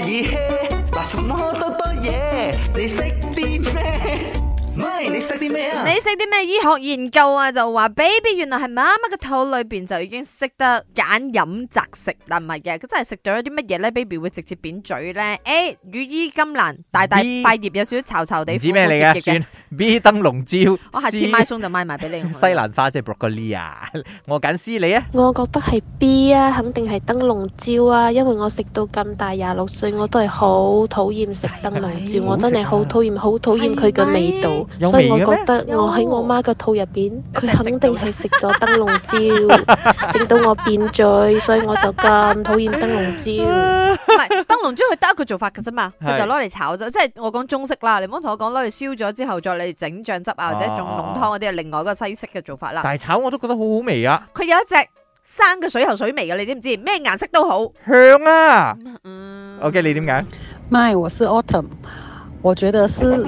以嘿，話什麼多多嘢，你識啲咩？食啲咩啊？你識啲咩醫學研究啊？就話 baby 原來係媽媽嘅肚裏邊就已經識得揀飲擇食，但唔係嘅，佢真係食咗有啲乜嘢咧？baby 會直接扁嘴咧？誒，羽衣甘藍大大塊葉有少少巢巢地，指咩嚟噶？B 燈籠椒，C. 我下次買餸就買埋俾你。西蘭花即係 broccoli 啊！ 我揀 C 你啊！我覺得係 B 啊，肯定係燈籠椒啊，因為我食到咁大廿六歲，我都係好討厭食燈籠椒。我真係好討厭好討厭佢嘅味道，所以我覺得我喺我媽嘅肚入邊，佢肯定係食咗燈籠椒，整 到我變嘴，所以我就咁討厭燈籠椒。唔係燈籠椒，佢得一個做法嘅啫嘛，佢就攞嚟炒啫。即係我講中式啦，你唔好同我講攞嚟燒咗之後再嚟整醬汁啊，或者做濃湯嗰啲係另外一個西式嘅做法啦。但係炒我都覺得好好味啊。佢有一隻生嘅水喉水味嘅，你知唔知？咩顏色都好香啊。嗯，okay，你點解 my 我是 Autumn，我覺得是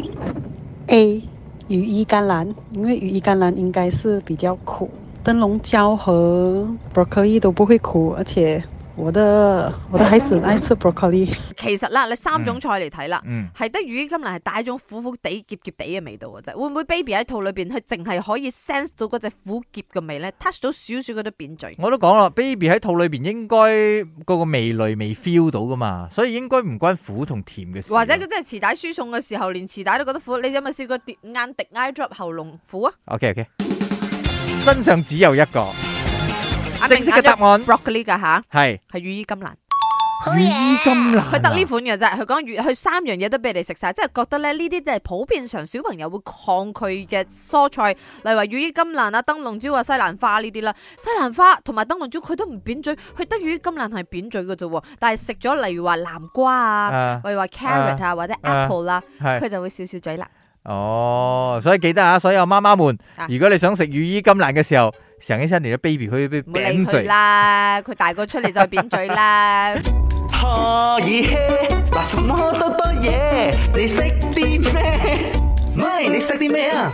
A。羽衣甘藍，因為羽衣甘藍應該是比較苦，燈籠椒和 broccoli 都不會苦，而且。我的我的孩子愛食巧克力。其實啦，你三種菜嚟睇啦，係、嗯、得魚金蘭係帶一種苦苦地、澀澀地嘅味道嘅啫。會唔會 baby 喺肚裏邊佢淨係可以 sense 到嗰隻苦澀嘅味咧？touch 到少少嗰啲扁嘴。我都講啦，baby 喺肚裏邊應該嗰個味蕾未 feel 到噶嘛，所以應該唔關苦同甜嘅事。或者佢真係臍帶輸送嘅時候，連臍帶都覺得苦。你有冇試過滴眼滴 eye drop 喉嚨苦啊？OK OK，真相只有一個。正式嘅答案，broccoli 噶吓，係係羽衣甘藍，羽、oh yeah! 衣甘藍，啊，佢得呢款嘅啫。佢講羽，佢三樣嘢都俾你食晒，即係覺得咧呢啲都係普遍上小朋友會抗拒嘅蔬菜，例如話羽衣甘藍啊、燈籠椒啊、西蘭花呢啲啦。西蘭花同埋燈籠椒佢都唔扁嘴，佢得羽衣甘藍係扁嘴嘅啫。但係食咗例如話南瓜啊，或、uh, 者 carrot 啊、uh，或者 apple 啦，佢就會笑笑嘴啦。哦，oh，所以記得啊，所有媽媽們，如果你想食羽衣甘藍嘅時候。想一下你的 baby 會唔會扁嘴啦？佢 大個出嚟就扁嘴啦。 可以嘿嗱，什麼多多嘢？你識啲咩？咪你識啲咩啊？